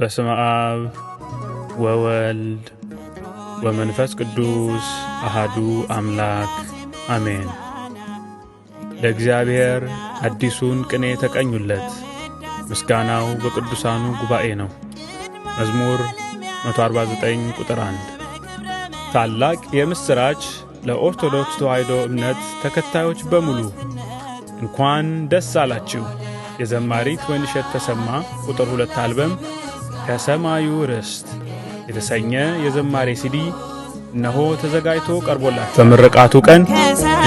በስመ አብ ወወልድ ወመንፈስ ቅዱስ አሃዱ አምላክ አሜን። ለእግዚአብሔር አዲሱን ቅኔ ተቀኙለት፣ ምስጋናው በቅዱሳኑ ጉባኤ ነው። መዝሙር 149 ቁጥር 1። ታላቅ የምሥራች ለኦርቶዶክስ ተዋሕዶ እምነት ተከታዮች በሙሉ እንኳን ደስ አላችሁ! የዘማሪት ወይንሸት ተሰማ ቁጥር ሁለት አልበም ከሰማዩ ርስት የተሰኘ የዝማሬ ሲዲ እነሆ ተዘጋጅቶ ቀርቦላችሁ በምርቃቱ ቀን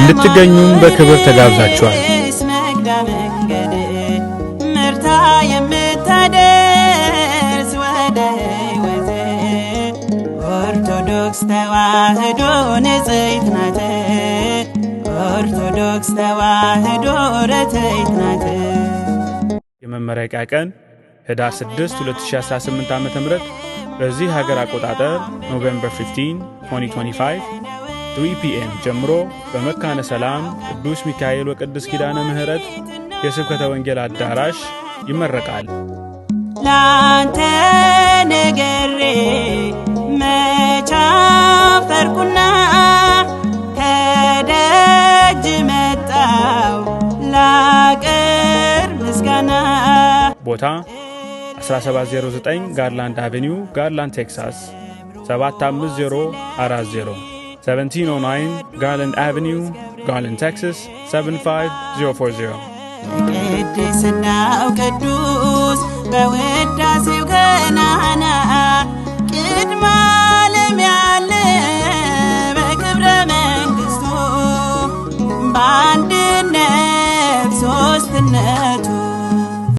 እንድትገኙም በክብር ተጋብዛችኋል። ኦርቶዶክስ ተዋህዶ ንጽሕት ናት። ኦርቶዶክስ ተዋህዶ ናት። የመመረቂያ ቀን ህዳር 6 2018 ዓ ም በዚህ ሀገር አቆጣጠር ኖቬምበር 15 2025 3 ፒኤም ጀምሮ በመካነ ሰላም ቅዱስ ሚካኤል ወቅዱስ ኪዳነ ምህረት የስብከተ ወንጌል አዳራሽ ይመረቃል። ላንተ ነግሬ መቻፈርኩና ከደጅ መጣው ላቅር ምስጋና ቦታ 1709 ጋርላንድ አቬኒው ጋርላንድ ቴክሳስ 75040 1709 ጋርላንድ አቬኒው ጋርላንድ ቴክሳስ 75040 ቅድስናው ቅዱስ በውዳሴው ገናና ቅድመ ዓለም ያለ በግብረ መንግሥቱ በአንድነት ሦስትነቱ